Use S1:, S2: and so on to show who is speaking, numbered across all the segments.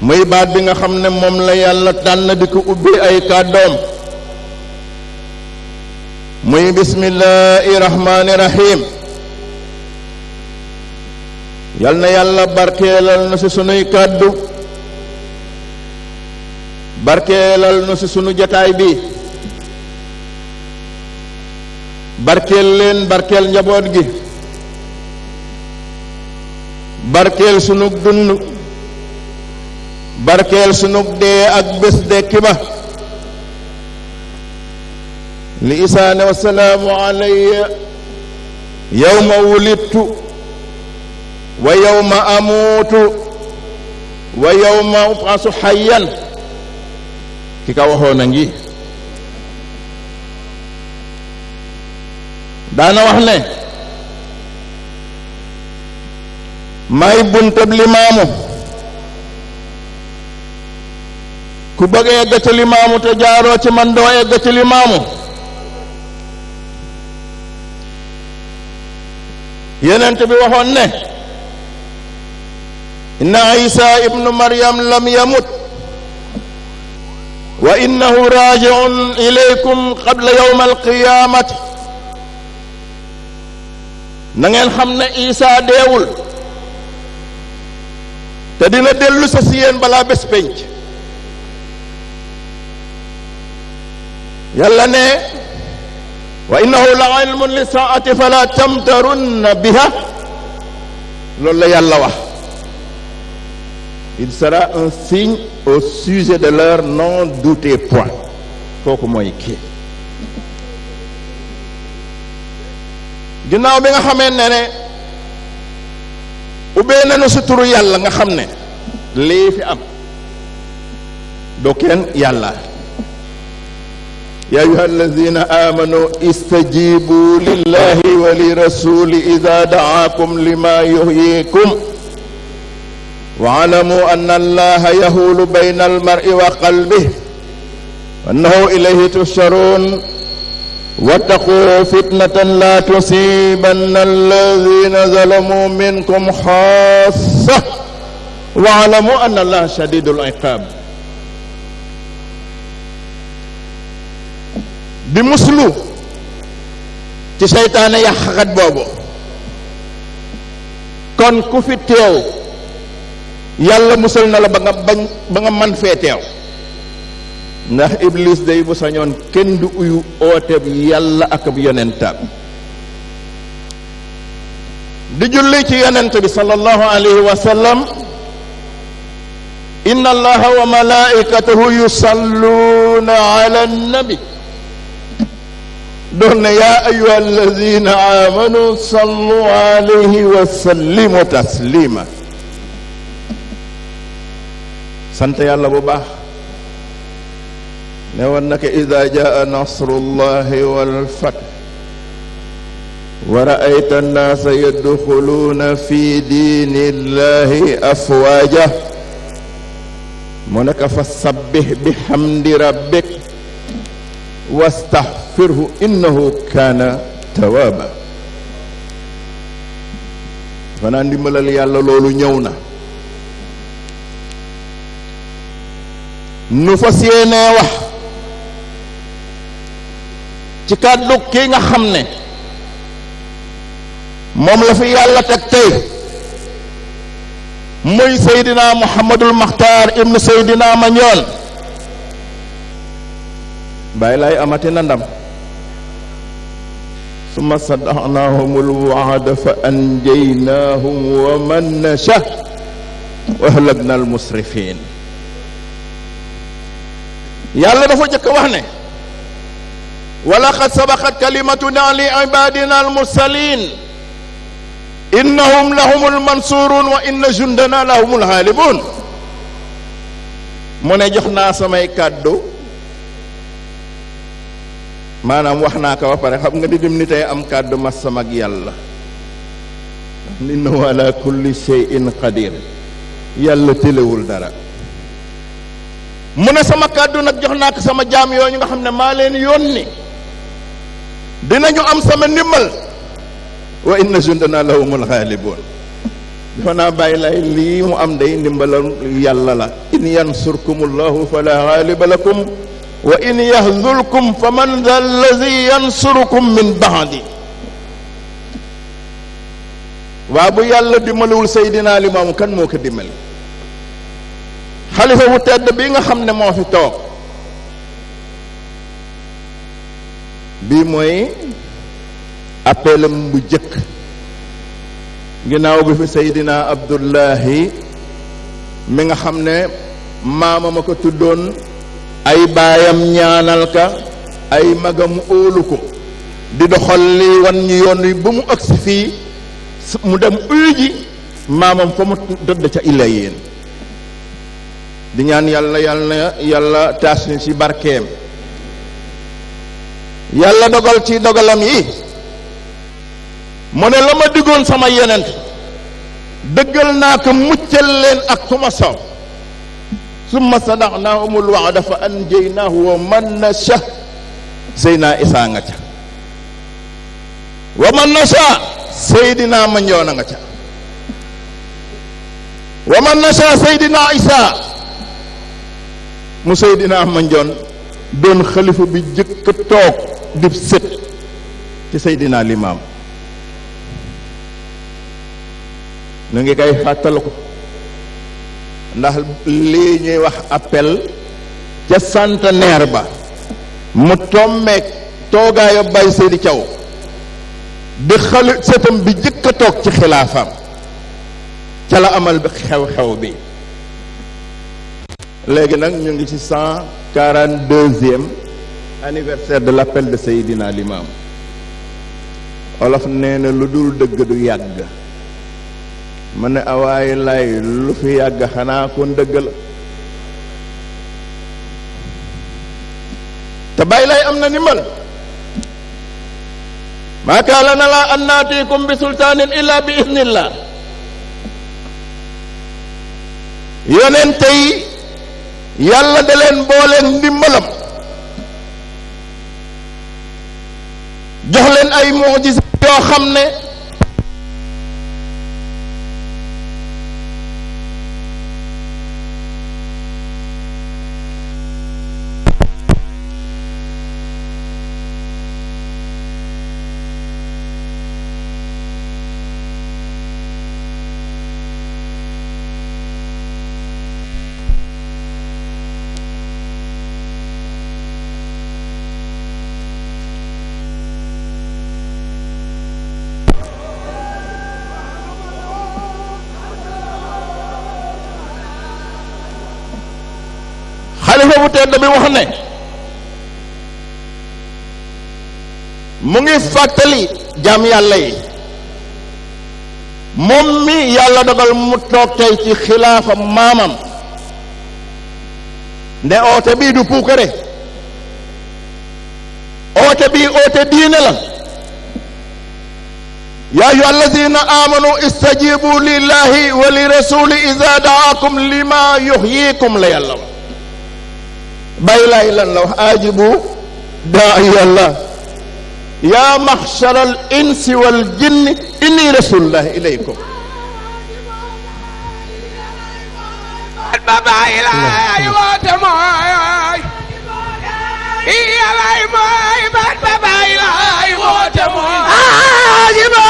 S1: muy baat bi nga xam ne moom la yàlla tànn di ko ubbee ay kàddoom muy bismillaahi rahmaani rahiim na yàlla barkeelal na ci sunuy kàddu barkeelal na ci sunu jataay bi barkeel leen barkeel njaboot gi barkeel sunu dund barkeel sunug dee ak bés dekki ba li isaa ne wasalaamu alayya yawma wulidtu wa yawma amuutu wa yawma ubasu hayyan ki ka waxoon a ngi daana wax ne may buntab limaamu ku bëgg egg ci limaamu te jaaroo ci man doo egg ci limaamu yonent bi waxoon ne inna isa ibnu maryam lam yamut wa innahu raajiun ilaykum qabla yowm alqiyaamati na xam ne isa deewul te dina dellu sa si yéen balaa bés pénc yàlla ne wa innahu la ilmun li saati fala tamtarunna biha loolu la yàlla wa il sera un signe au sujet de l'heure n'en doutez point kooku mooy kii ginnaaw bi nga xamee ne ne ubbee nañu suturu yàlla nga xam ne lii fi am do yàlla يا أيها الذين آمنوا استجيبوا لله ولرسول إذا دعاكم لما يحييكم واعلموا أن الله يهول بين المرء وقلبه وأنه إليه تحشرون واتقوا فتنة لا تصيبن الذين ظلموا منكم خاصة واعلموا أن الله شديد العقاب di muslu ci seytaane yàqkat boobu kon ku fi teew yàlla musal na la ba nga bañ ba nga man fee teew ndax iblis day bu sañoon kenn du uyu ooteeb yàlla ak ab yonentam di julli ci yonent bi sallallahu alayhi wa sallam inna allaha wa malaikatahu yusalluuna ala nabi doon na yaa ayuha alladina amanu sallu alayhi wa sallimu taslima sant yàlla bu baax ne woon naka ida jaa nasrullahi walfat wa raayta annaasa yadxuluuna fi diini illahi afwaaja mu nekk fa sabbih bihamdi rabbik wastax فاستغفره إنه كان توابا fanaa ndimbalal yàlla loolu ñëw na nu fas yéenee wax ci kàddu kii nga xam ne moom la fi yàlla teg tey muy Seydina Muhammadul Maxtaar ibnu Seydina Mandione bàyyi laay amati na ndam summa sadaqnaahum alwaada fa anjaynaahum wa man nasha wa ahlakna almusrifin yàlla dafa jëkk wax ne wa laqad sabaqat kalimatuna li ibadina almursalin innahum lahum almansurun wa inna jundana lahum alxaalibun mu ne jox naa samay kàddu maanaam wax naa ko ba pare xam nga di dim ni tey am kàddu mas sama ak yàlla innahu ala kulli shay'in qadir yàlla téléwul dara mu ne sama kàddu nag jox naa sama jaam yooyu nga xam ne maa leen yoon ni yónni dinañu am sama ndimbal wa inna jundana lahumul ghalibun dafa naa bàyyi lay lii mu am day ndimbalal yàlla la in yansurkumullahu fala ghaliba lakum wa in waa bu yàlla dimbalewul Seydina Limaamu kan moo ko dimbali xalifa bu tedd bi nga xam ne moo fi toog bii mooy appelam bu jëkk ginnaaw bi fi Seydina Abdullahi mi nga xam ne maama ma ko ay baayam ñaanal ka ay magam óolu ko di doxal li wan yoon wi ba mu agsi fii mu dem uyu ji maamam fa mu dëdd ca illa yéen di ñaan yàlla yàlla yàlla taas ni ci barkeem yàlla dogal ci dogalam yi mu ne la ma diggoon sama yeneen dëggal naa ko muccal leen ak suma saw summa sana'naahumul wa'da fa anjaynaahu wa man nasha seydina isaa nga ca wa man nasha seydina manjoona nga ca wa man nasha seydina isaa mu seydina manjoon doon xalifa bi jëkk toog dib sët ci seydina limaam nu ngi koy fàttaliku ndax lii ñuy wax appel ca centenaire ba mu tommeeg toogaaya Baye Seydi caw di xalu sëtam bi jëkk a toog ci xilaafam ca la amal xew-xew bi léegi nag ñu ngi ci cent quarante deuxième anniversaire de l'appel de Seydina Limam Wolof nee na lu dul dëgg du yàgg ma ne awaaye lay lu fi yàgg xanaa kon dëgg lay am na ndimbal maa kaana lanaa an naatiikum bi sultaanin illaa bi idnillah yonente yi yàlla da leen booleen ndimbalam jox leen ay mucjisa yoo xam ne mu ngi fàttali jaam yàlla yi moom mi yàlla dogal mu toog tey ci xilaafa maamam ne oote bii du puukare oote bii oote diine la yaa ayyuha amanu istajibu lillahi wa li rasuli ida daakum lima yuxyikum la yàlla wa bàyyi laay lan la wax ajibu daai yàlla yaa maxshara al insi wal jinni inni rasulullah ilaykum
S2: ba bàyyi laay woote mooy i yàllaay mooy baat ba bàyyi laay woote mooy ajibu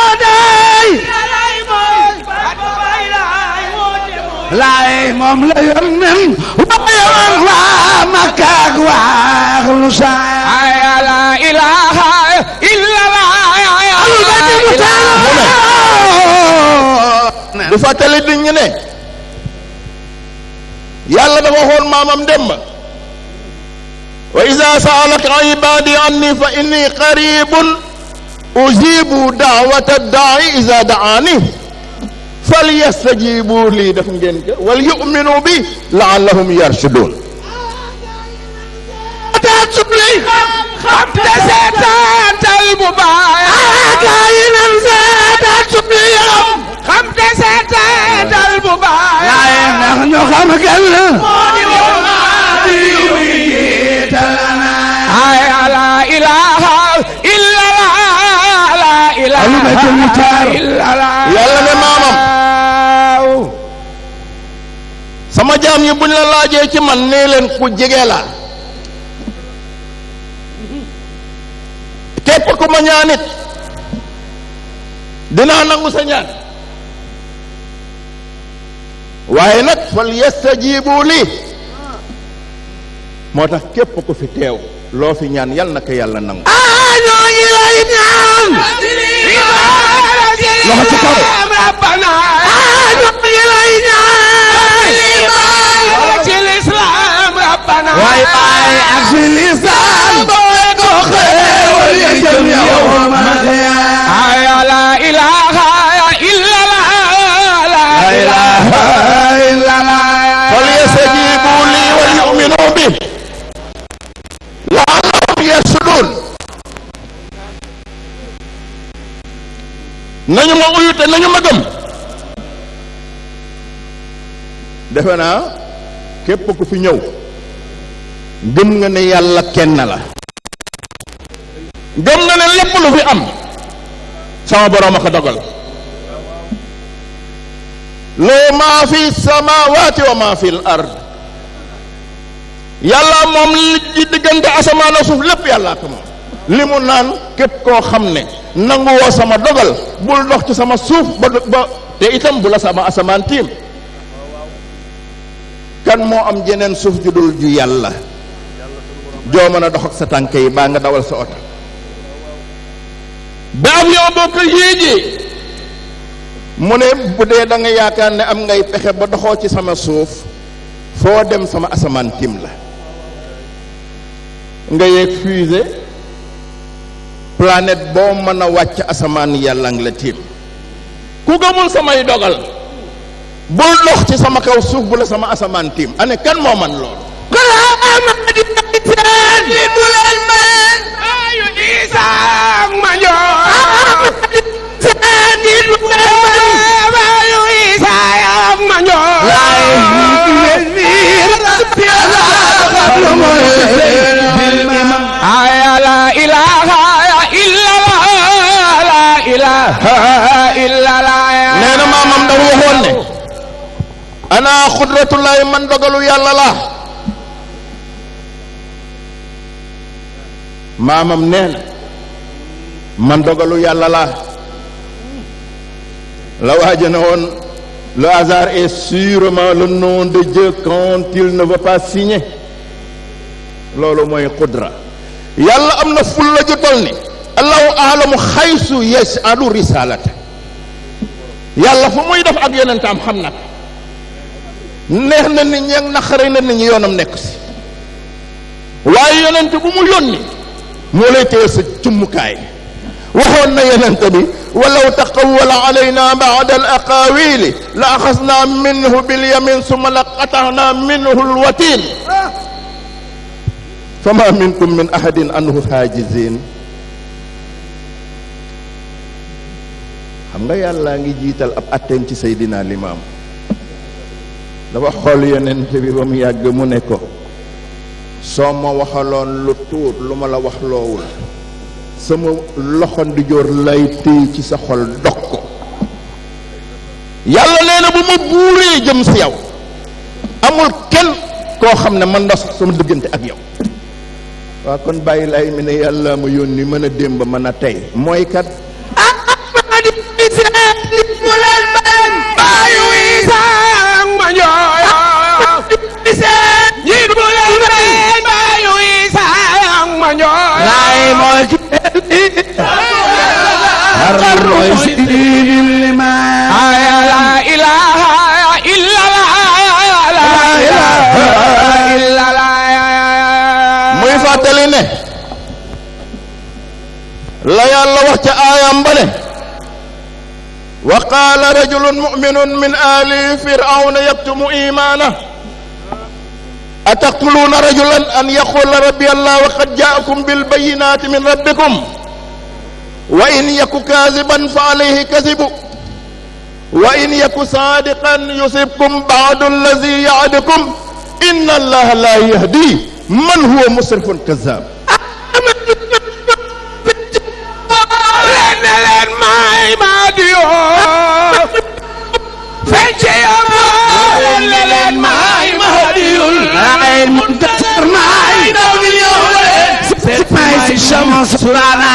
S2: laay moom la yónneen waayoon waa Makka ak waa lu saay la ilaha illa
S1: Allah du fàttali nit ñi ne yàlla dafa waxoon maamam dem wa iza saalaka ibadi anni fa inni qaribun ujibu da'wata da'i iza da'ani fal yastajibu lii def ngeen ko wal yuminu bi laallahum yarshudun ataa subli xam te seetaatal bu baax kaa
S2: yi nan seetaat subli yow xam te seetaatal bu baax waaye ndax ñu xam kenn moo di woon di yital ay la ilaha illa la
S1: ilaha illa
S2: la
S1: sama jaam yi buñ la laajee ci man nee leen ku jege la képp ku ma ñaanit dinaa nangu sa ñaan waaye nag fal yastajibu lii moo tax képp ku fi teew loo fi ñaan yal na yàlla nangu ah,
S2: way baay ak si lisaan boole ko xéewal ya jëm yawmal qiyaama la ilaha illa la ilaha illa la falyastajibu li wa yu'minu bi
S1: la'allahum yarshudun nañu ma uyu te nañu ma gëm defe naa képp ku fi ñëw gëm nga ne yàlla kenn la gëm nga ne lépp lu fi am sama boroom a ko dogal loo maa fi samaawaati wa maa fi ard yàlla moom li diggante asamaan ak suuf lépp yàllaa ko moom li mu naan képp koo xam ne nanguwoo sama dogal bul dox ci sama suuf ba ba te itam bu la sama asamaan tiim kan moo am jeneen suuf ju dul ju yàlla joo mën a dox ak sa tànk yi baa nga dawal sa oto ba am yow ko yéegee mu ne bu dee da nga yaakaar ne am ngay pexe ba doxoo ci sama suuf foo dem sama asamaan tiim la nga yeeg fusée planète boo mën a wàcc asamaan yàlla ngi la tiim ku gëmul samay dogal boo dox ci sama kaw suuf bu la sama asamaan tiim ane kan moo man loolu
S2: seen yi du leen mën yu isaak ma njool seen yi du leen mën yu isaak ma njool laay leen miir la ilaha
S1: illa la nee na maamam dafa waxoon ne ana xudratullahi man dogalu yàlla la maamam nee na man dogalu yàlla la la waaja na woon le hasard est sûrement le nom de Dieu ne veut pas signer loolu mooy qudra yàlla am na fulla ju toll ni allahu aalamu xaysu yasalu risalata yàlla fu muy def ak yonentam xam nag neex na nit ñi ak naqari na nit ñi yoonam nekk si waaye yonent bu mu yónni moo lay téye sa cummukaay waxoon na yenente bi la axasna minhu bilyamin summa la qataxna minhu alwatin fama minkum min ahadin anhu haajizin xam nga yàlla ngi jiital ab atteem ci Seydina Limaam dafa xool yenente bi ba mu mu ne ko soo ma waxaloon lu tuut lu ma la wax loowul sama loxo ndijoor lay téye ci sa xol dog ko yàlla nee na bu ma buuree jëm si yow amul kenn koo xam ne man na sama diggante ak yow waa kon bàyyi lay mi ne yàlla ma yónni mën a démb mën a tey mooy kat ak am ma di
S2: muy
S1: fàttali ne la yàlla wax ca aayam ba ne wa qaala rajulun muminun min ali firawna yaktumu imaana ataqtuluuna rajulan an yaqula rabbi allah wa qad jaakum bilbayinaati min rabbikum wa in yaku kaadiban fa alayhi kasibu wa in yaku saadiqan yusibkum baadu allazi yaadukum inna allaha laa yahdi man huwa musrifun kazaab
S2: leen الشمس رانا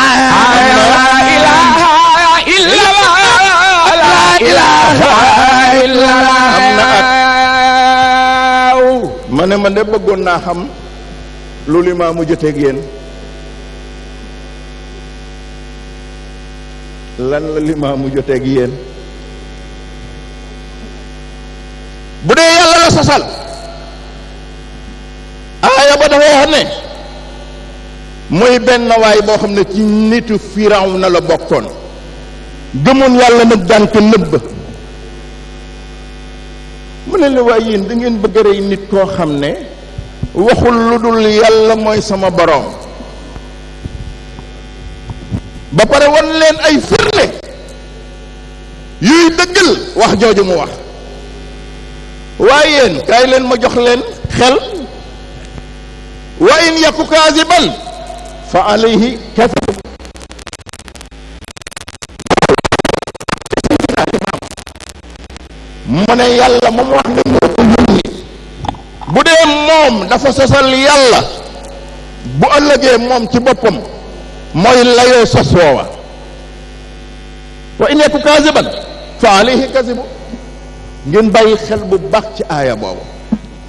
S1: man de bëggoon naa xam lu li maa mujjateeg yéen lan la li maa mujjateeg bu dee yàlla la sasal aaya ba dafa muy benn waay boo xam ne ci nitu firaw na la bokkoon gëmoon yàlla nag daan ko nëbb mu ne la waay yéen da bëgg a rey nit koo xam ne waxul lu dul yàlla mooy sama boroom ba pare wan leen ay firnde yuy dëggal wax jooju mu wax waaye yéen kaay leen ma jox leen xel waaye yéen yàqu kaasiban fa alayhi kathru mu ne yàlla moom wax ne moo ko yónni bu dee moom dafa sosal yàlla bu ëllëgee moom ci boppam mooy layoo sos woowa wa in yaku kaasiban fa alayhi kaasibu ngeen bàyyi xel bu baax ci aaya boobu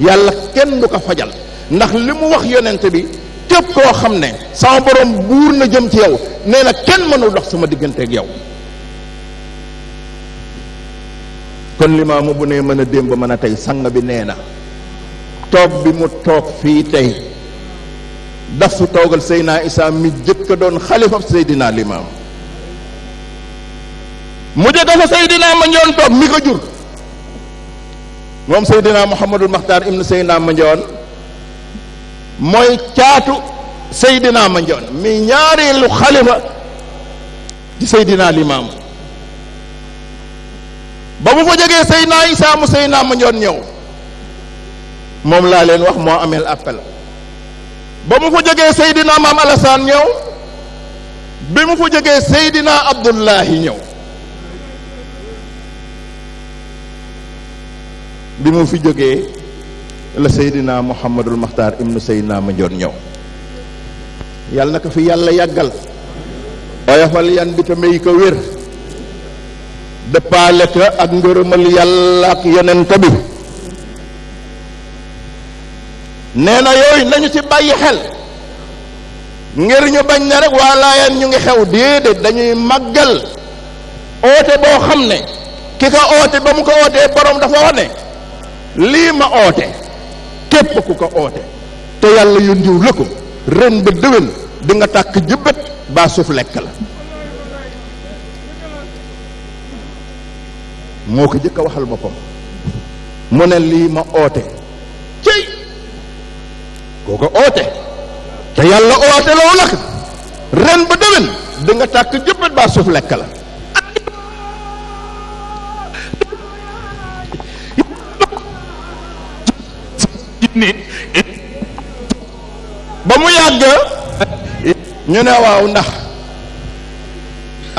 S1: yàlla kenn du ko fajal ndax li mu wax yonent bi képp koo xam ne sama borom buur na jëm ci yow nee na kenn mënul dox sama digganteeg yow kon limaamu bu ne mën a démb mën a tey sang bi nee na toog bi mu toog fii tey daf su toogal Seydina Isaa mi jëkk doon xalifab Seydina Limaam mu jëkk fa Seydina Mandione toog mi ko jur moom Seydina Muhammadul Maxtaar ibnu Seydina Mandione mooy caatu Seydina Mandione mi ñaareelu xalifa di Seydina Limaamu ba mu fa jógee Seydina Isaa mu Seydina Mandione ñëw moom laa leen wax moo ameel appel ba mu fa jógee Seydina Maam Alassane ñëw bi mu fa jógee Seydina Abdullahi ñëw bi mu fi jógee la Seydina Mouhamadul Makhtar ibnu Seydina Mandione ñëw yàlla na ko fi yàlla yàggal oyofal yan bi te may ko wér dëppaale ko ak ngërëmal yàlla ak yonent bi nee na yooyu nañu ci bàyyi xel ngir ñu bañ na rek waa laayeen ñu ngi xew déedéet dañuy màggal oote boo xam ne ki ko oote ba mu ko ootee borom dafa wax lii ma oote képp ku ko oote te yàlla yóndiw la ko ren ba déwén di nga tàkk jëbbat baa suuf lekk la moo ko jëkk waxal boppam mu ne lii ma oote cëy koo ko oote te yàlla oote loo la ren ba déwén di nga tàkk jëbbat baa suuf lekk la ba mu yàgg ñu ne waaw ndax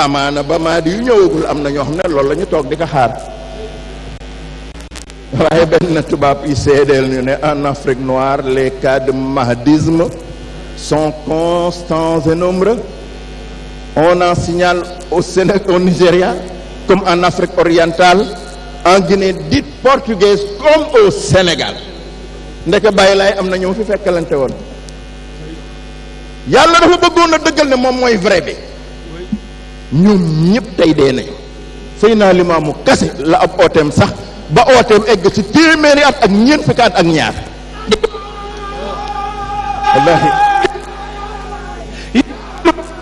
S1: amaana ba maadi yu ñëwagul am na ñoo xam ne lool lañu toog di ko xaar waaye benn tubaab yi seedeel ñu ne en Afrique noire les cas de mahdisme sont constants et nombreux on en signale au Nigeria comme en Afrique orientale en Guinée dite portugaise comme au Sénégal ndeke bàyyi laay am na ñoo fi fekkalante woon yàlla dafa bëggoon a dëggal ne moom mooy vrai bi ñoom ñëpp tey dee nañu sëy naa limaamu kase la ab ooteem sax ba ooteem egg ci téeméeri at ak ñeent fukki at ak ñaar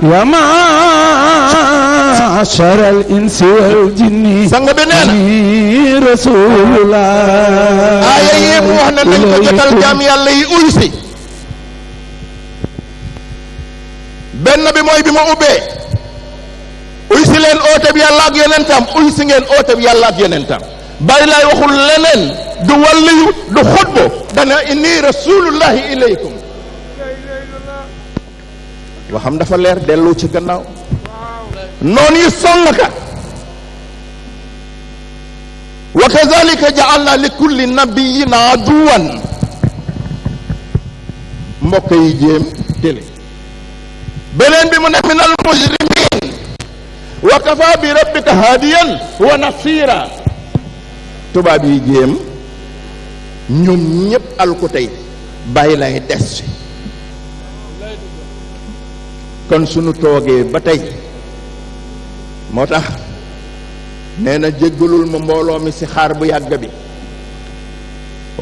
S1: يا معشر الإنس والجن سانغ بنانا رسول الله آية يم وحنا نكتب الجام يالله يؤيسي benn bi mooy bi ma ubbee uy leen oote bi yàlla ak yonentam uy si ngeen oote bi yàlla ak yonentam bàyyi laay waxul leneen du walliyu du xutbo dana inni rasulullahi ilaykum waxam dafa leer dellu ci gannaaw noonu yi sonn ka wa kazalika ja'alna li kulli nabiyyin aduwan mbokk yi jéem télé beneen bi mu ne min al mujrimin wa kafa bi rabbika hadiyan wa nasira tubaab yi jéem ñoom ñëpp al ko lay des kon sunu toogee ba tey moo tax nee na jéggalul ma mbooloo mi si xaar bu yàgg bi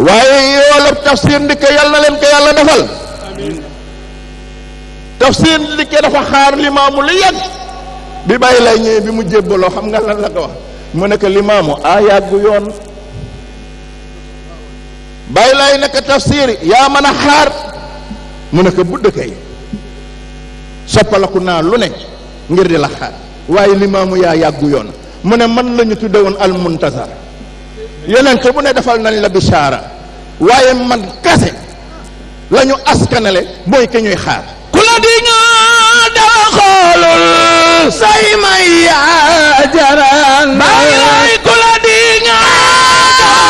S1: waaye yoolab tafsir ndikke yal na leen ko yàlla defal tafsir ndikke dafa xaar limaamu li yàgg bi bàyyi lay ñëwee bi mu jébbaloo xam nga la ko wax mu ne ko limaamu a yàggu yoon bàyyi lay naka tafsir yaa mën a xaar mu ne ko budd kay soppalaku naa lu ne ngir di la xaar waaye limaamu yaa yàggu yoon mu ne man lañu ñu tudde woon almuntazar yonent bu ne defal nañ la bisaara waaye man kase la ñu askanale mooy ki ñuy xaar
S2: ku la di nga dara
S1: say may yaa
S2: jaran bàyyi lay ku la di nga dara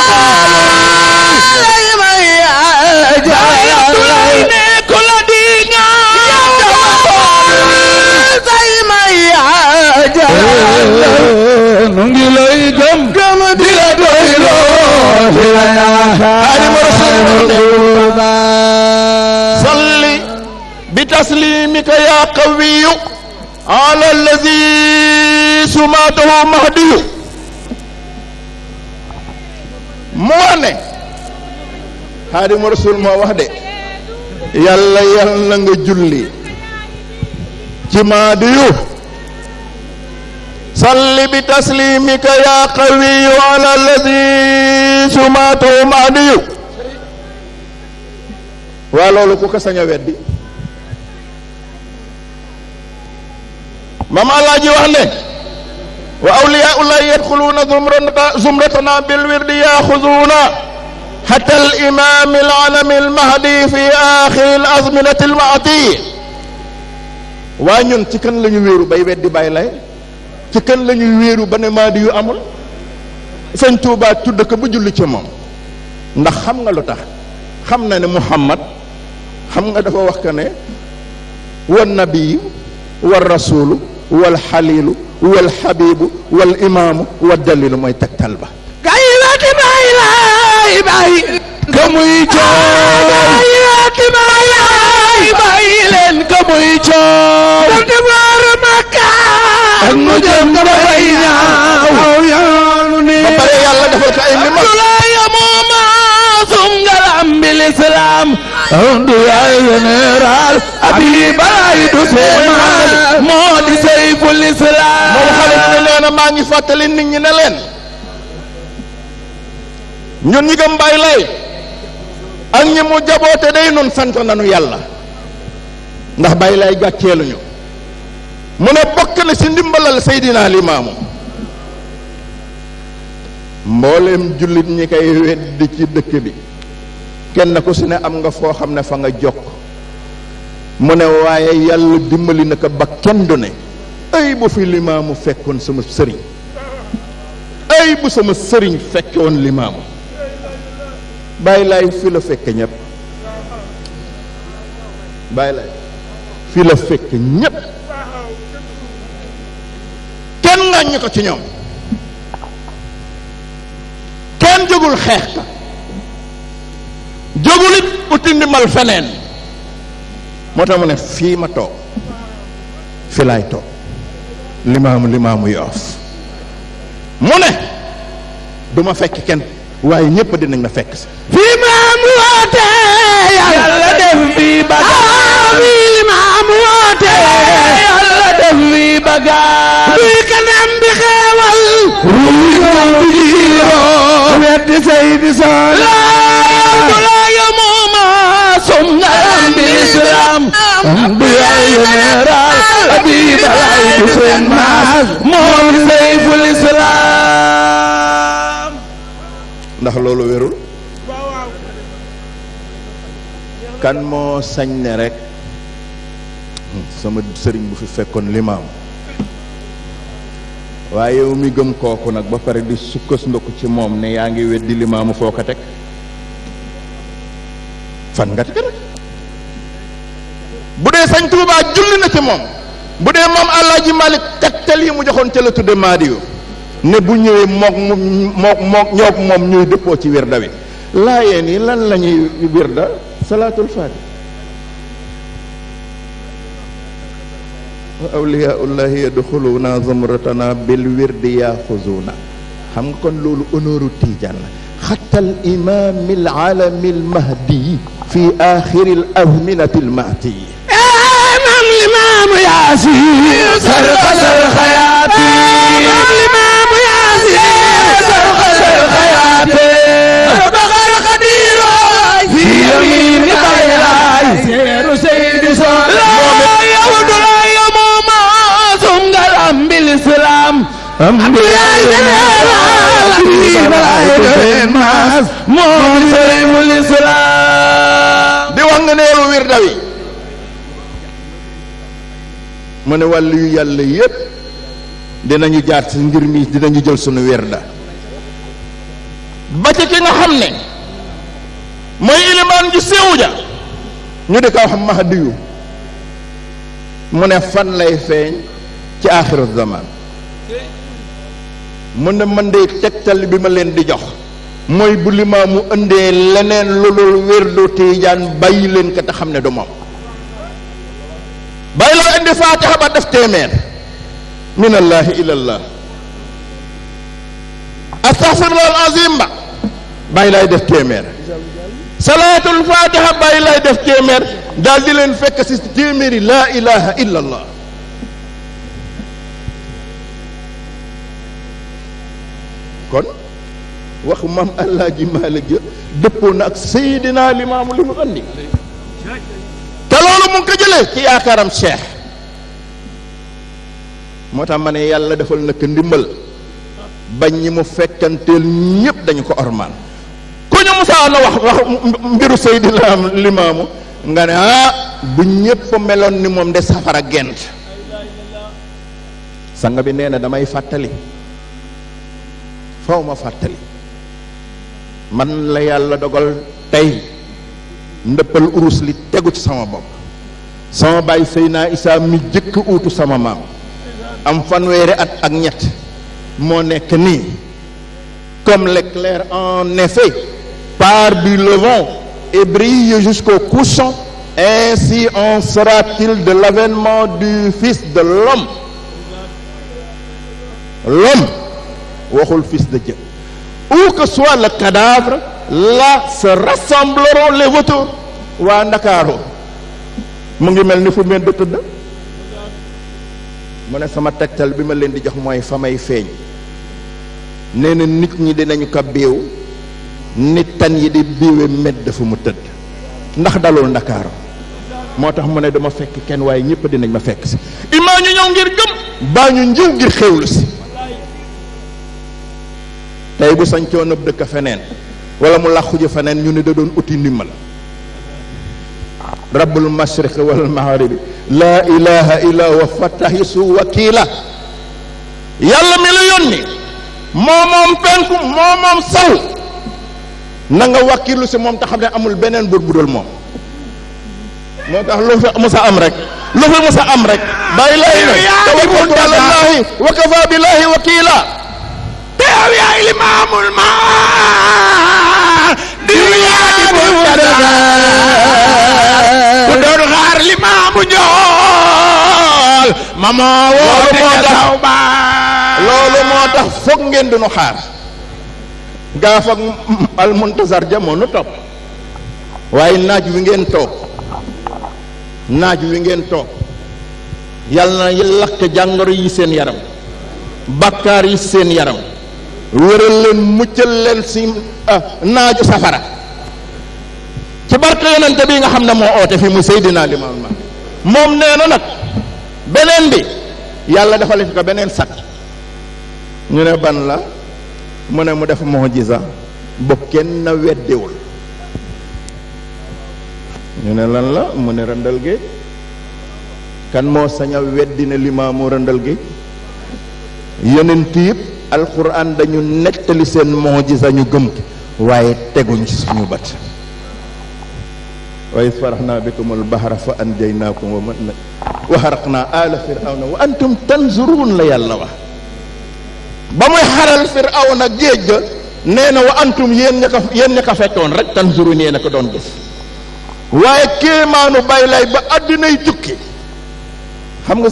S2: yaa jaran
S1: sumaatahu mahdiyu moo ne xaadimu rasul moo wax de yàlla yal na nga julli ci mahdiyu salli bi taslimika yaa qawiyu ala allazi mahdiyu waa loolu ku ko sañ weddi mama laa wax ne wa awliyaullahi yadxuluuna zumratana bil wirdi yaaxuduuna xata al imaam al alami al mahdi fi aaxiri al azminati al maati waa ñun ci kan la ñu wéeru bay weddi bàyyi lay ci kan la ñuy ba ne maadi yu amul sëñ Tuubaa tudd ko bu julli ci moom ndax xam nga lu tax xam na ne Muhammad xam nga dafa wax ko ne wa nabiyu wa rasulu wal xalilu wal xabibu wal imaamu wa dalilu mooy tegtal ba.
S2: gaywati may laay bay. ka muy coow. gaywati may laay bay leen ka muy coow. dem di booru Makka. ak mu jëm dafay ñaaw. aw yoonu nii. ba pare yàlla defal ko ay mimar. Abdoulaye moo maasum nga l'islam du yaay général
S1: abi balaay du seen moo di sayfu l'islam moom xale bi ne nee maa ngi fàttali nit ñi ne leen ñun ñi gëm Baay Laay ak ñi mu jaboote day nun sant nañu yàlla ndax Baay Laay gàcceeluñu mu ne bokk na ci ndimbalal Seydina Limaamu mbooleem jullit ñi koy weddi ci dëkk bi kenn ko si ne am nga foo xam ne fa nga jokk mu ne waaye yàlla dimbali na ko ba kenn du ne ay bu fi limaamu fekkoon sama sëriñ ay bu sama sëriñ fekkoon limaamu bàyyi laay fi la fekk ñëpp bàyyi laay fi fekk ñëpp kenn ŋàññi ko ci ñoom kenn jógul xeex ka jógul it uti ndimbal feneen moo tax mu ne fii ma toog fi limaamu limaamu yoof mu ne du ma fekk kenn waaye ñëpp dinañ ma fekk si
S2: fii maam woote yàlla def fii bagaar fii maam bi xeewal ruuy ma bi jiiroo weddi say di soon ndax
S1: loolu wérul kan moo sañ ne rek sama sëriñ bu fi fekkoon limaam waaye yow mi gëm kooku nag ba pare di sukkas ndokk ci moom ne yaa ngi weddi limaamu foo ko teg fan nga teg bu dee sañ Touba julli na ci moom bu dee moom Alaaji Malik tegtal yi mu joxoon ca la tudde Maadiyu ne bu ñëwee mook mu mook moom ñuy dëppoo ci wirda wi laayeen yi lan la ñuy wirda salaatul faati wa awliyaullahi yadxuluuna zumratana bil wirdi yaaxuzuuna xam nga kon loolu honneuru tiijaan la xatta al imaam al mahdi fi aaxiri al azminati al mahdi ياسين سرقة الخياطي
S2: الإمام ياسين سرقة الخياطي بغر قدير في يمين خيراي سير سيد سر لا يعود لا يموم ثم قلم بالإسلام أنبياء جنرال في ملايك الناس مؤمن
S1: سليم الإسلام دي وانغنيرو ويردوي mu ne wàllu yu yàlla yépp dinañu jaar ci ngir mi dinañu jël sunu werda ba ci ki nga xam ne mooy ilimaan ju sewu ja ñu di ko wax mahdiyu mu ne fan lay feeñ ci aaxiru zaman mu ne mën de tegtal bi ma leen di jox mooy bu mu indee leneen lu dul wérdu tiijaan bàyyi leen ko te xam ne du moom bàyyi loo indi ba def téeméer minallaahi ilallah astaxfirullah al azim ba bàyyi laay def téeméer salaatul faatixa bàyyi laay def téeméer daal di leen fekk si téeméeri laa ilaha illallah kon waxu maam Alaaji Maalik dëppoo na ak Seydina Limaamu li mu andi loolu mu ngi ko ci yaakaaram cheikh moo tax ma ne yàlla defal na ndimbal bañ ñi mu fekkanteel ñëpp dañu ko ormaan ku ñu musaa na wax wax mbiru Seydina Limaamu nga ne ah bu ñëpp meloon ni moom de safara gent sang bi nee na damay fàttali faw ma fàttali man la yàlla dogal tey ndëppal urus li tegu ci sama bopp sama baay naa Isaa mi jëkk uutu sama maam am fanweeri at ak ñett moo nekk nii comme l'éclair en effet part du levant et brille jusqu'au couchant ainsi en sera-t-il de l'avènement du fils de l'homme l'homme waxul fils de Dieu où que soit le cadavre la se rassembleront les vautours waa ndakaaru mu ngi mel ni fu meen da tëdd mu ne sama tegtal bi ma leen di jox mooy fa may feeñ nee na nit ñi dinañu ko biiw nit tan yi di biiwe medd fu mu tëdd ndax dalul ndakaaru moo tax mu ne duma fekk kenn waaye ñëpp dinañ ma fekk si imaa ñu ñëw ngir gëm baa ñu njëw ngir xewlu si tey bu sañcoon ab dëkk feneen wala mu làqu ji feneen ñu ne da doon uti ndimbal rabbul mashriq wal maghribi laa ilaha illa wa fatahisu wakiila yàlla mi la yónni moo moom penku moo moom saw na nga si moom te ne amul beneen buur bu dul moom moo tax lu fi musa am rek lu fi musa am rek bàyyi lay tawakkaltu alallaahi wa kafa billaahi
S2: wakiila yow yaay
S1: loolu moo tax foog ngeen duñu xaar gaaf ak al muntazar jamono topp waaye naaj wi ngeen toog naaj wi ngeen toog yàlla na lakk jàngoro yi seen yaram bàkkaar yi seen yaram wéral leen muccal leen si ah, naaju safara ci barke yonente bi nga xam ne moo oote fi mu Seydina Limaamu Laay moom nee na nag beneen bi yàlla defal fi ko beneen sag ñu ne ban la mu ne mu def mujiza bu kenn weddiwul ñu ne lan la mu ne rëndal géej kan moo saña a weddi ne limaamu rëndal gi yonent yëpp alxuraan dañu nettali seen mujjiza ñu gëm waaye teguñ ci suñu bët wa is faraxnaa bikum albahra fa anjaynaakum wa man wa xaraqnaa aala firawna wa antum tanzuruun la yàlla wax ba muy xaral firawna géej ga nee na wa antum yéen ña ko yéen ña ko fekkoon rek tanzuruun yéen a ko doon gis waaye kéemaanu bay lay ba àddinay jukki xam nga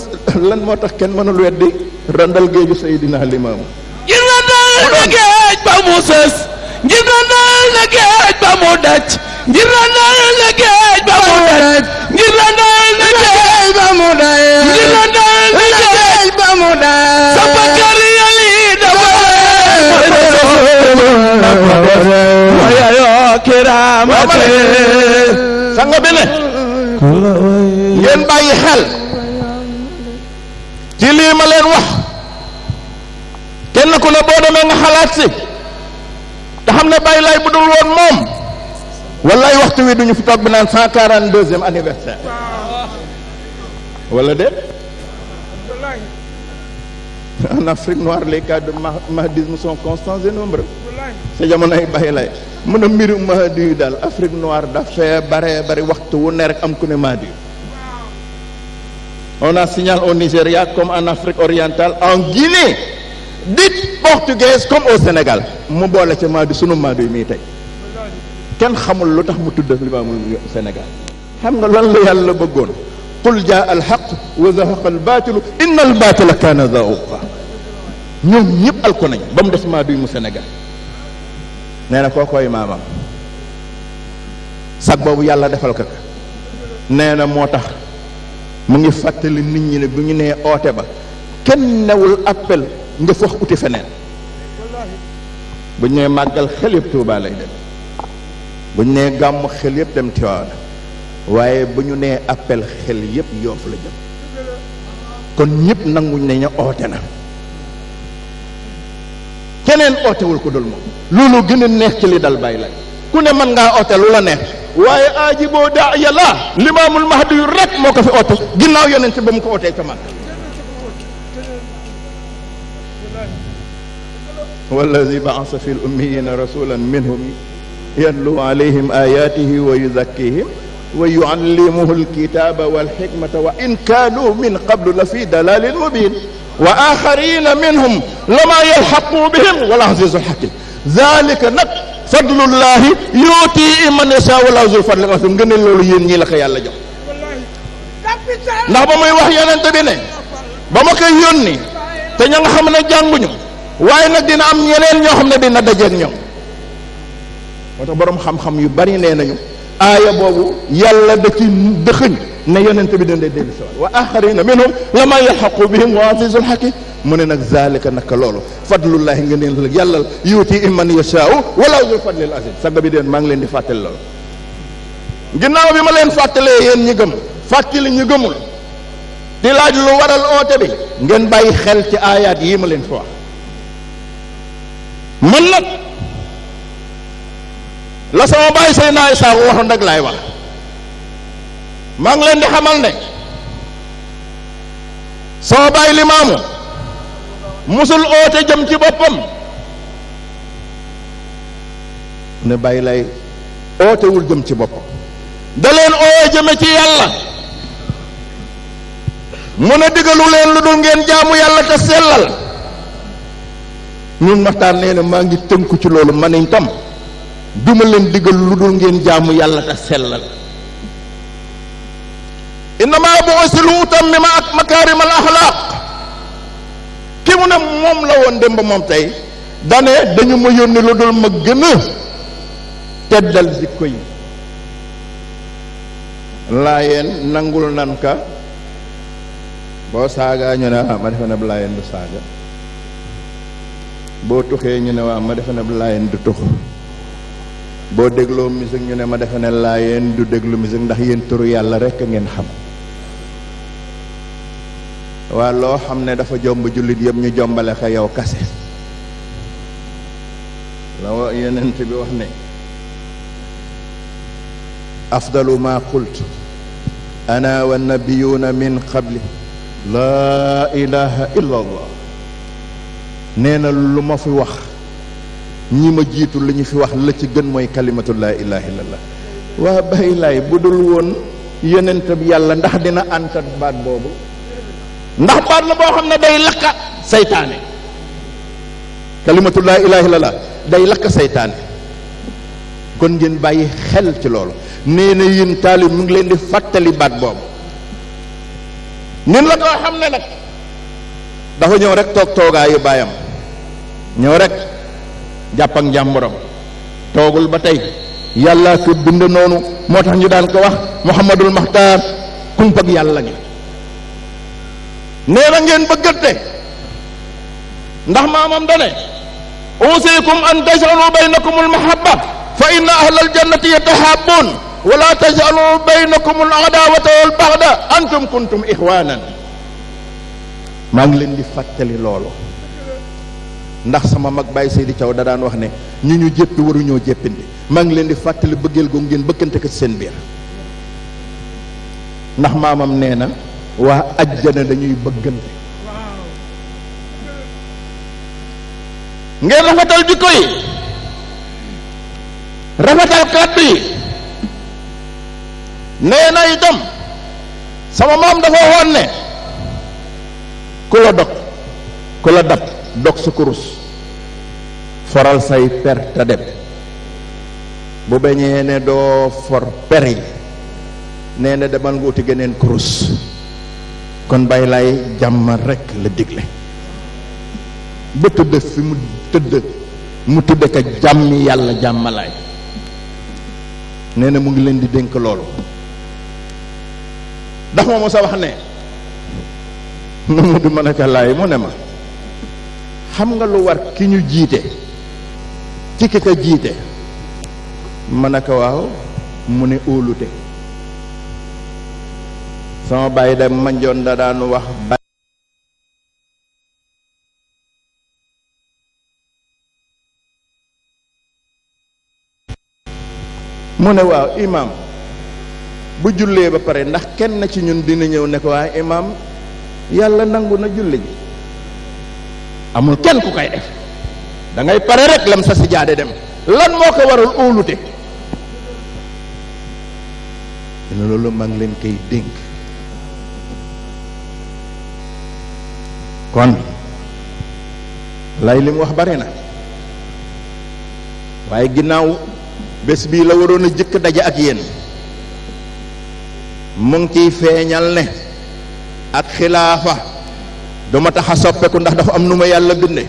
S1: lan moo tax kenn mënul weddi randal géeju Seydina Limaamu géej ba mu sës ngir randal na géej
S2: ba mu daj ngir randal na géej ba mu daj ngir randal na géej ba mu daj ngir randal na géej ba mu daj sa bakkar yali dafa waya yo
S1: kiramate sanga bi ne ngeen bàyyi xel ci lii ma leen wax kenn ku ne boo demee nga xalaat si te xam ne bàyyi laay bu dul woon moom wallaay waxtu wi duñu fi toog bi naan cent quarante deuxième anniversaire wala déet en Afrique noire les cas de mahadisme sont constants et nombreux sa jamonoy bàyyi lay a mbiru mahadi yu daal Afrique noire dafee bare bari waxtu wu ne rek am ku ne mahadi on a signal au Nigeria comme en Afrique orientale en Guinée dite portugaise comme au Sénégal mu boole ca maadu sunu maadu yi muy tey kenn xamul lu tax mu tudd limaamul Sénégal xam nga lan la yàlla bëggoon qul jaa alxaq wa zahaqa albaatilu inna albaatila kaana zahuqa ñoom ñëpp al ko nañ ba mu def maadu yi mu Sénégal nee na kookooy maamam sag boobu yàlla defal ko nee na moo tax mu ngi fàttali nit ñi ne bu ñu nee oote ba kenn newul appel nga fox uti feneen bu ñu nee màggal xel yëpp Tuubaa lay dem bu ñu nee gàmm xel yëpp dem Tiwaawan waaye bu ñu nee appel xel yëpp Yoof la jëm kon ñëpp nanguñ ne ña oote na keneen ootewul ko dul moom loolu gën a neex ci li dal bàyyi la ku ne mën ngaa oote lu la neex waaye aaji boo daa yàlla limaamul mahdi yu rek moo ko fi oote ginnaaw yonent ba mu ko ootee ca màggal wallazi baasa fi l ummiyina rasulan minhum yatlu alayhim ayatihi wa yuzakkihim wa yuallimuhu alkitaba walxikmata wa in kaanu min qablu la fi dalalin mubin wa axarina minhum lama yalxaqu bihim wal azizul xakim zalika nag fadlullahi yuutii man yasaa wala zul fadlin asim ngeen ne loolu yéen ñii la ko yàlla jox ndax ba muy wax yonent bi ne ba ma koy yónni te ña nga xam ne jànguñu waaye nag dina am ñeneen ñoo xam ne dina dajeeg ñoom moo tax boroom xam-xam yu bari nee nañu aaya boobu yàlla da ci dëxëñ ne yonent bi dañ dee dellu si wa axarina minhum lama yalxaqu bihim wa azizul hakim mu ne nag zalika nag loolu fadlullahi nga neen la yàlla yuuti iman yashaau wala zul fadlil aziz saga bi deen maa ngi leen di fàttali loolu ginnaaw bi ma leen fàttalee yéen ñi gëm fàttali ñu gëmul di laaj lu waral oote bi ngeen bàyyi xel ci aayaat yii ma leen fi man nag la sama bàyyi say naay saabu waxoon rek laay wax maa ngi leen di xamal ne sama bàyyi limaamu musul oote jëm ci boppam ne bàyyi lay ootewul jëm ci boppam da leen oowe jëme ci yàlla mu ne digalu leen lu dul ngeen jaamu yàlla te sellal ñun maxtaar nee na maa ngi tënku ci loolu man itam du ma leen diggal lu dul ngeen jàmm yàlla te sellal innama bu'ithtu li utammima makaarima al axlaaq ki mu ne moom la woon démb moom tey dane dañu ma yónni lu dul ma gën a teddal jikko yi laayeen nangul nan ka boo saagaa ñu ne ah, ma defe ne bu laayeen du saaga boo tuxee ñu ne waa ma defe ne laayeen du tux boo dégloo musique ñu ne ma defe ne laayeen du déglu musique ndax yéen yàlla rekk ngeen xam waa loo xam ne dafa jomb jullit yëpp ñu jombale ko yow kase la wa yonent bi wax ne afdalu ma qultu ana wa nabiyuuna min qabli laa ilaha illa nee na lu ma fi wax ñi ma jiitu li ñu fi wax la ci gën mooy kalimatu laa ilaha la waa bàyyi laay bu dul woon yonent bi yàlla ndax dina àntat baat boobu ndax baat la boo xam ne day lakka saytaane kalimatu laa ilaha illallah day kon ngeen bàyyi xel ci loolu nee na yéen taalib mu ngi leen di fàttali baat boobu ñun la koo xam ne nag dafa ñëw rek toog toogaayu baayam ñëw rek jàpp ak njàmburam toogul ba tey yàlla ko bind noonu moo tax ñu daan ko wax muhammadul maxtaar kumpag yàlla gi nee na ngeen bëggante ndax maamam dane uusikum an tajalu baynakum almahabba fa inna ahla wa yatahabun wala tajalu baynakum aladawata walbaxda antum kuntum ixwanan maa ngi leen di fàttali loolu ndax sama mag Baye Seydi Thiaw da daan wax ne ñu ñu jéppi waruñoo jéppindi maa ngi leen di fàttali bëggeel googu ngeen bëggante ko seen biir ndax maamam nee na waa ajjana dañuy bëggante ngeen rafetal jikko yi rafetal kàddu yi nee na itam sama maam dafa waxoon ne ku la dog ku la dab dog sa kurus foral say per te bu bañee ne doo for per yi nee na demal nga wuti geneen kurus kon bàyyi lay jàmm rekk la digle ba tëdd fi mu tëdd mu tëdd ka jàmmi yàlla jàmmalaay nee na mu ngi leen di dénk loolu ndax ma sa wax ne Mamadou Manakalaay mu ne ma xam nga lu war ki ñu jiite ci ki ko jiite ma ne ko waaw mu ne óolute sama bàyyi dem manjoon da daan wax bàyyi mu ne waaw imaam bu jullee ba pare ndax kenn ci ñun dina ñëw ne ko waaye imaam yàlla nangu na julli ji amul kenn ku koy def dangay ngay pare rek lam sa sijaade dem lan moo ko waral óolute ne loolu maa ngi leen koy dénk kon lay li wax bari na waaye ginnaaw bés bii la waroon a jëkk daje ak yéen mu ngi kiy feeñal ne ak xilaafa du ma tax a soppeeku ndax dafa am nu ma yàlla binde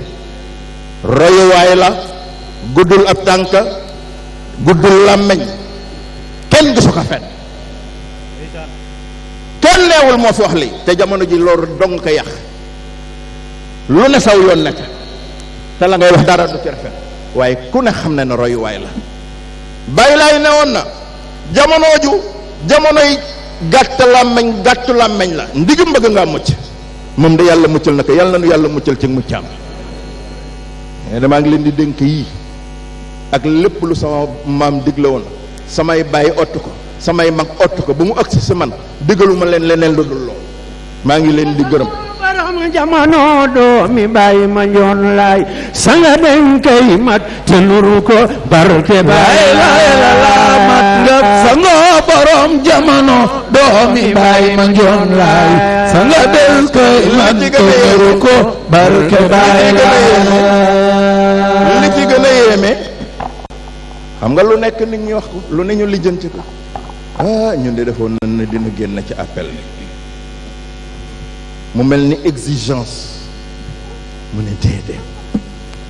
S1: royuwaay la guddul ab tànk guddul làmmiñ kenn gisu ko fenn kenn neewul moo fi wax lii te jamono ji loolu donk ko yàq lu ne saw yoon nekk te la ngay wax dara du ci rafet waaye ku ne xam na ne royuwaay la bàyyi laay ne woon na jamono ju jamonoy gàtt làmmiñ gàttu làmmiñ la ndigum bëgg ngaa mucc moom de yàlla muccal na ko yàlla na nu yàlla muccal ci muccaam nee maa ngi leen di dénk yii ak lépp lu sama maam digle woon samay bàyyi ott ko samay mag ott ko ba mu agsi si man digalu ma leen leneen lu dul lool maa ngi leen di gërëm
S2: barama jamano doomi bàyyi ma njoon laay sanga denkay mat te nuru ko barke baay laay laa mat nga sanga borom jamano doomi bàyyi ma njoon laay
S1: li nga lu nekk nit ñi wax ko lu ne ñu lijjanti ko ah ñun de defoon nañ ne dina génn ci appel mu mel ni exigence mu ne déedéet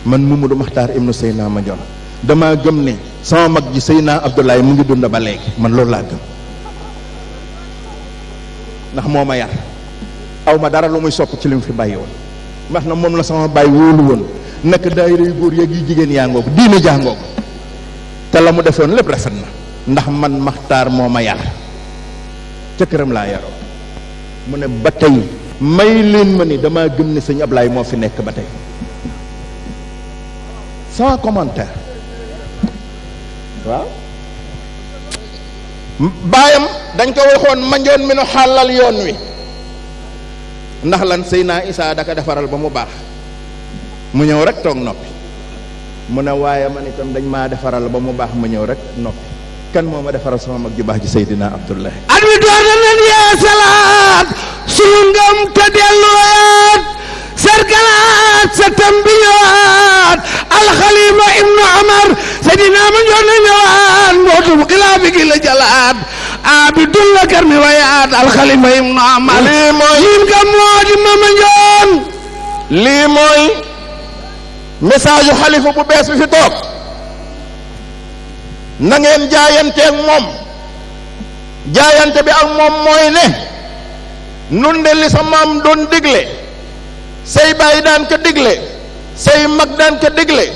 S1: man Mamadou Makhtar Ibn Seyna majon dama gëm ne sama mag ji Seyna Abdoulaye mu ngi dund ba léegi man loolu laa gëm ndax moo ma yar aw ma dara lu muy sopp ci li mu fi bàyyi woon ndax na moom la sama bàyyi wóolu naka daayira yu góor yeeg yu jigéen yaa ngoog diine jaa ngoog te la mu defoon lépp rafet na ndax man maxtar moo ma yar ca këram laa yaroo mu ne ba tey may leen ma ni damaa gëm ne sëñ Ablaye moo fi nekk ba tey sans commentaire waaw baayam dañ ko waxoon manjoon mi nu xàllal yoon wi ndax lan sëy naa Isaa daka defaral ba mu baax mu ñëw rek toog mu ne waaye man itam dañ maa defaral ba mu baax ma ñëw rek noppi kan moo ma defar sama mag ju baax ji Seydina Abdullahi at mi door na leen yee salaat
S2: sunu ngëm te delluwaat sargalaat sa tambiyaat alxalima ibnu Amar Seydina ma njoon na ñëwaat mbootum xilaafi gi la jalaat abidullah karmi wayaat alxalima ibnu Amar
S1: lii mooy lii ma ma njoon message yu xalifa bu bees bi fi toog na ngeen moom jaayante bi ak moom mooy ne nun de li sa maam doon dégle say bàyyi daan ko digle say mag daan ko dégle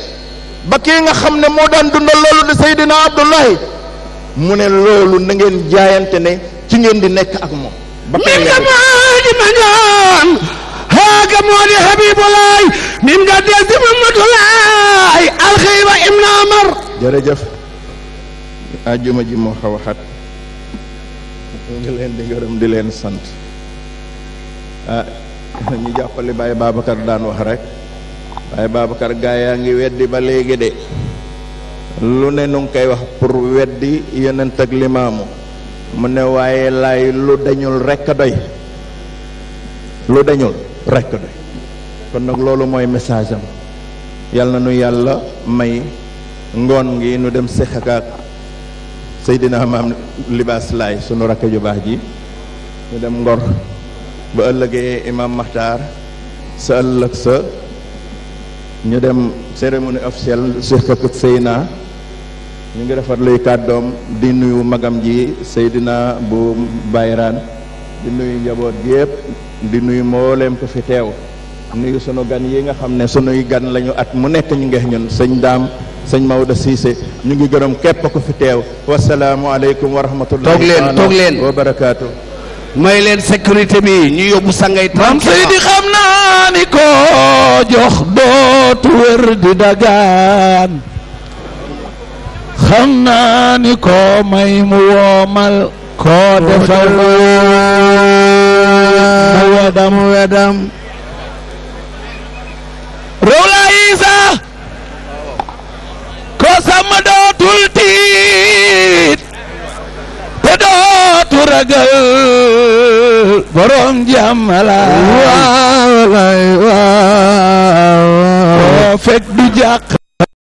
S1: ba kii nga xam ne moo daan dundal loolu di Seydina Abdullahi mu ne loolu na ngeen jaayante ne ci ngeen di nekk ak moom ba haaga moodi Habibulaay min nga del si
S2: Mamadulaay alxiiba ibn Amar
S1: jërëjëf ajjuma ji moo xaw a xat ñu ngi leen di gërëm di leen sant ah ñu jàppale Baye Babacar daan wax rek Baye Babacar gaa yaa ngi weddi ba léegi de lu ne nu ngi koy wax pour weddi yonent ak limaamu mu ne waaye lay lu dañul rekk a doy lu dañul rekk doy kon nag loolu mooy message am yàlla na nu yàlla may ngoon ngi nu dem seq ak Seydina Maam Libaas Laay sunu rakk ju baax ji ñu dem Ngor ba ëllëgee Imam Maxtaar sa ëllëg sa ñu dem cérémonie officielle seq ak Seyna ñu ngi rafet luy kàddoom di nuyu magam ji Seydina bu Bayraan di nuyu njaboot gi yëpp di nuyu mbooleem ko fi teew nuyu sunu gan yi nga xam ne sunuy gan lañu at mu nekk ñu ngeex ñun sëñ daam sëñ Maodo Cissé ñu ngi gërëm képp ko fi teew wasalaamu aleykum wa toog leen toog leen may leen sécurité bi ñu yóbbu sangay tram sëy di xam naa ni ko jox dootu wér di dagaan xam naa ni
S2: ko may mu woomal ko defal wedam wedam Rawla Isa ko sama dootul tiit te dootu ragal borom jàmmala waalay waaw fekk du jàq